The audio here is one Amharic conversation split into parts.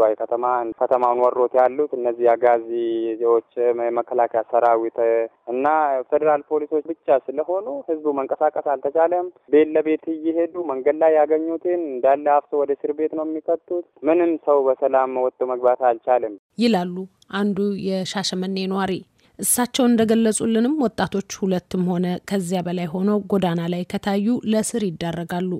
ዝዋይ ከተማ ከተማውን ወሮት ያሉት እነዚህ አጋዚዎች፣ መከላከያ ሰራዊት እና ፌዴራል ፖሊሶች ብቻ ስለሆኑ ህዝቡ መንቀሳቀስ አልተቻለም። ቤት ለቤት እየሄዱ መንገድ ላይ ያገኙትን እንዳለ አፍሶ ወደ እስር ቤት ነው የሚከቱት። ምንም ሰው በሰላም ወጥቶ መግባት አልቻለም ይላሉ አንዱ የሻሸመኔ ነዋሪ። እሳቸው እንደገለጹልንም ወጣቶች ሁለትም ሆነ ከዚያ በላይ ሆነው ጎዳና ላይ ከታዩ ለእስር ይዳረጋሉ።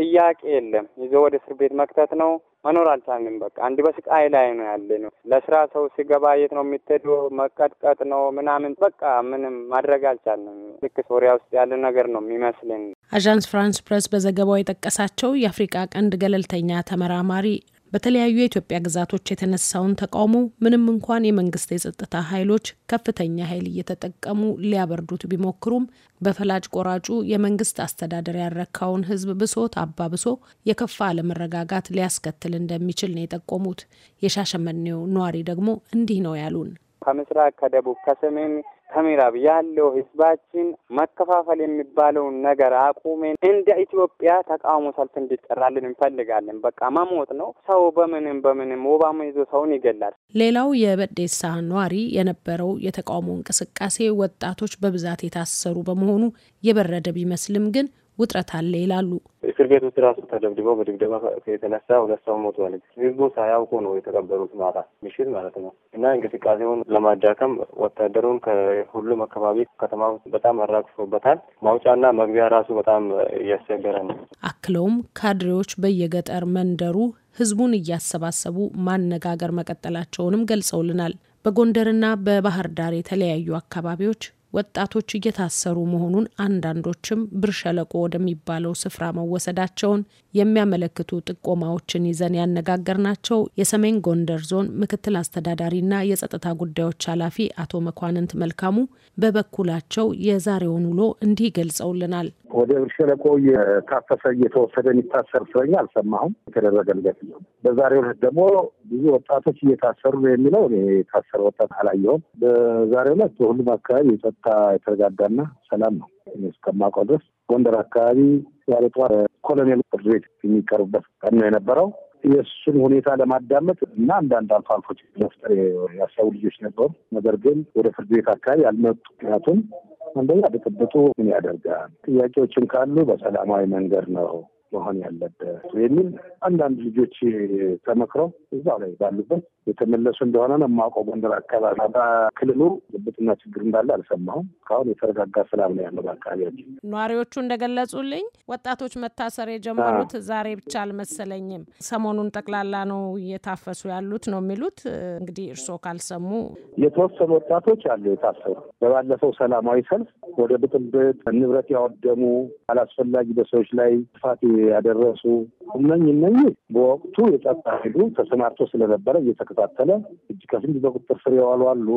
ጥያቄ የለም። ይዞ ወደ እስር ቤት መክተት ነው። መኖር አልቻልንም። በቃ አንድ በስቃይ ላይ ነው ያለ ነው። ለስራ ሰው ሲገባ የት ነው የሚትሄዱ? መቀጥቀጥ ነው ምናምን። በቃ ምንም ማድረግ አልቻልንም። ልክ ሶሪያ ውስጥ ያለ ነገር ነው የሚመስልን። አዣንስ ፍራንስ ፕረስ በዘገባው የጠቀሳቸው የአፍሪቃ ቀንድ ገለልተኛ ተመራማሪ በተለያዩ የኢትዮጵያ ግዛቶች የተነሳውን ተቃውሞ ምንም እንኳን የመንግስት የጸጥታ ኃይሎች ከፍተኛ ኃይል እየተጠቀሙ ሊያበርዱት ቢሞክሩም በፈላጭ ቆራጩ የመንግስት አስተዳደር ያረካውን ህዝብ ብሶት አባብሶ የከፋ አለመረጋጋት ሊያስከትል እንደሚችል ነው የጠቆሙት። የሻሸመኔው ነዋሪ ደግሞ እንዲህ ነው ያሉን። ከምስራቅ፣ ከደቡብ፣ ከሰሜን ተሚራብ ያለው ህዝባችን መከፋፈል የሚባለውን ነገር አቁሜን እንደ ኢትዮጵያ ተቃውሞ ሰልፍ እንዲጠራልን እንፈልጋለን። በቃ መሞት ነው። ሰው በምንም በምንም ወባም ይዞ ሰውን ይገላል። ሌላው የበዴሳ ኗሪ የነበረው የተቃውሞ እንቅስቃሴ ወጣቶች በብዛት የታሰሩ በመሆኑ የበረደ ቢመስልም ግን ውጥረት አለ ይላሉ። እስር ቤት ውስጥ ራሱ ተደብድበው በድብደባ የተነሳ ሁለት ሰው ሞቷል። ህዝቡ ሳያውቁ ነው የተቀበሉት፣ ማታ ምሽት ማለት ነው። እና እንቅስቃሴውን ለማዳከም ወታደሩን ከሁሉም አካባቢ ከተማ በጣም አራግፎበታል። ማውጫና መግቢያ ራሱ በጣም እያስቸገረ ነው። አክለውም ካድሬዎች በየገጠር መንደሩ ህዝቡን እያሰባሰቡ ማነጋገር መቀጠላቸውንም ገልጸውልናል። በጎንደርና በባህር ዳር የተለያዩ አካባቢዎች ወጣቶች እየታሰሩ መሆኑን አንዳንዶችም ብር ሸለቆ ወደሚባለው ስፍራ መወሰዳቸውን የሚያመለክቱ ጥቆማዎችን ይዘን ያነጋገርናቸው የሰሜን ጎንደር ዞን ምክትል አስተዳዳሪና የጸጥታ ጉዳዮች ኃላፊ አቶ መኳንንት መልካሙ በበኩላቸው የዛሬውን ውሎ እንዲህ ገልጸውልናል። ወደ ብር ሸለቆ እየታፈሰ እየተወሰደ የሚታሰር እስረኛ አልሰማሁም የተደረገ ነው። በዛሬው ዕለት ደግሞ ብዙ ወጣቶች እየታሰሩ ነው የሚለው እኔ የታሰረ ወጣት አላየውም በዛሬው ዕለት በሁሉም አካባቢ የጸጥታ የተረጋጋና ሰላም ነው እስከማውቀው ድረስ። ጎንደር አካባቢ ዛሬ ጠዋት ኮሎኔል ፍርድ ቤት የሚቀርቡበት ቀን ነው የነበረው። የእሱን ሁኔታ ለማዳመጥ እና አንዳንድ አልፎ አልፎ መፍጠር ያሰቡ ልጆች ነበሩ። ነገር ግን ወደ ፍርድ ቤት አካባቢ ያልመጡ ምክንያቱም አንደኛ ብጥብጡ ምን ያደርጋል፣ ጥያቄዎችም ካሉ በሰላማዊ መንገድ ነው መሆን ያለበት የሚል አንዳንድ ልጆች ተመክረው እዛው ላይ ባሉበት የተመለሱ እንደሆነ ነው የማውቀው። ጎንደር አካባቢ በክልሉ ግብትና ችግር እንዳለ አልሰማሁም። እስካሁን የተረጋጋ ሰላም ነው ያለው በአካባቢያችን። ነዋሪዎቹ እንደገለጹልኝ ወጣቶች መታሰር የጀመሩት ዛሬ ብቻ አልመሰለኝም፣ ሰሞኑን ጠቅላላ ነው እየታፈሱ ያሉት ነው የሚሉት። እንግዲህ እርስዎ ካልሰሙ የተወሰኑ ወጣቶች አሉ የታሰሩ በባለፈው ሰላማዊ ሰልፍ ወደ ብጥብጥ ንብረት ያወደሙ አላስፈላጊ በሰዎች ላይ ጥፋት ያደረሱ እነኝ እነኝ በወቅቱ የጸጥታ ኃይሉ ተሰማርቶ ስለነበረ እየተከታተለ እጅ ከፍንጅ በቁጥር ስር የዋሉ አሉ።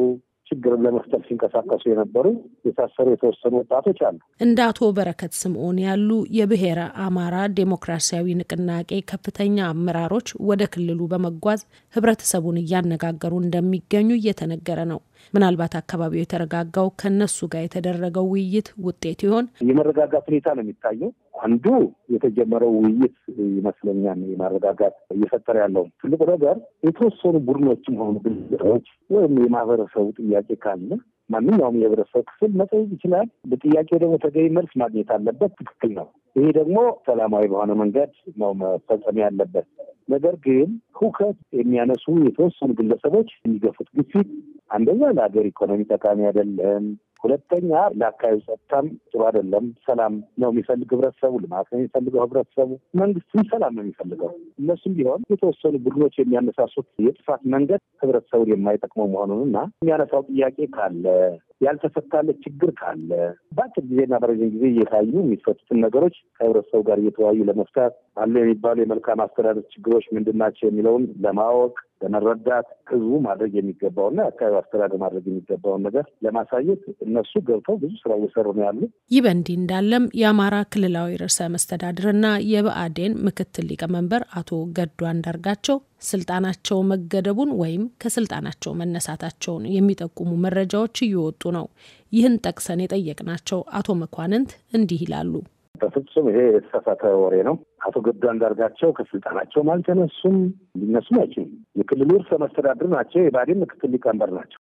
ችግርን ለመፍጠር ሲንቀሳቀሱ የነበሩ የታሰሩ የተወሰኑ ወጣቶች አሉ። እንደ አቶ በረከት ስምዖን ያሉ የብሔረ አማራ ዴሞክራሲያዊ ንቅናቄ ከፍተኛ አመራሮች ወደ ክልሉ በመጓዝ ህብረተሰቡን እያነጋገሩ እንደሚገኙ እየተነገረ ነው። ምናልባት አካባቢው የተረጋጋው ከነሱ ጋር የተደረገው ውይይት ውጤት ይሆን? የመረጋጋት ሁኔታ ነው የሚታየው። አንዱ የተጀመረው ውይይት ይመስለኛል የማረጋጋት እየፈጠረ ያለው ትልቁ ነገር የተወሰኑ ቡድኖችም ሆኑ ግለሰቦች ወይም የማህበረሰቡ ጥያቄ ካለ ማንኛውም የህብረተሰብ ክፍል መጠየቅ ይችላል። በጥያቄው ደግሞ ተገቢ መልስ ማግኘት አለበት። ትክክል ነው። ይሄ ደግሞ ሰላማዊ በሆነ መንገድ ነው መፈጸም ያለበት። ነገር ግን ሁከት የሚያነሱ የተወሰኑ ግለሰቦች የሚገፉት ግፊት አንደኛ ለሀገር ኢኮኖሚ ጠቃሚ አይደለም። ሁለተኛ ለአካባቢ ጸጥታም ጥሩ አይደለም። ሰላም ነው የሚፈልግ ህብረተሰቡ፣ ልማት ነው የሚፈልገው ህብረተሰቡ፣ መንግስትም ሰላም ነው የሚፈልገው። እነሱም ቢሆን የተወሰኑ ቡድኖች የሚያነሳሱት የጥፋት መንገድ ህብረተሰቡን የማይጠቅመው መሆኑን እና የሚያነሳው ጥያቄ ካለ ያልተፈታለ ችግር ካለ በአጭር ጊዜና በረዥም ጊዜ እየታዩ የሚፈቱትን ነገሮች ከህብረተሰቡ ጋር እየተወያዩ ለመፍታት አሉ የሚባሉ የመልካም አስተዳደር ችግሮች ምንድን ናቸው የሚለውን ለማወቅ ለመረዳት ህዝቡ ማድረግ የሚገባውና የአካባቢ አስተዳደር ማድረግ የሚገባውን ነገር ለማሳየት እነሱ ገብተው ብዙ ስራ እየሰሩ ነው ያሉ። ይህ በእንዲህ እንዳለም የአማራ ክልላዊ ርዕሰ መስተዳድርና የብአዴን ምክትል ሊቀመንበር አቶ ገዱ አንዳርጋቸው ስልጣናቸው መገደቡን ወይም ከስልጣናቸው መነሳታቸውን የሚጠቁሙ መረጃዎች እየወጡ ነው። ይህን ጠቅሰን የጠየቅናቸው አቶ መኳንንት እንዲህ ይላሉ። በፍጹም ይሄ የተሳሳተ ወሬ ነው። አቶ ገዱ አንዳርጋቸው ከስልጣናቸውም አልተነሱም፣ ሊነሱም አይችሉም። የክልሉ እርሰ መስተዳድር ናቸው። የባዴን ምክትል ሊቀመንበር ናቸው።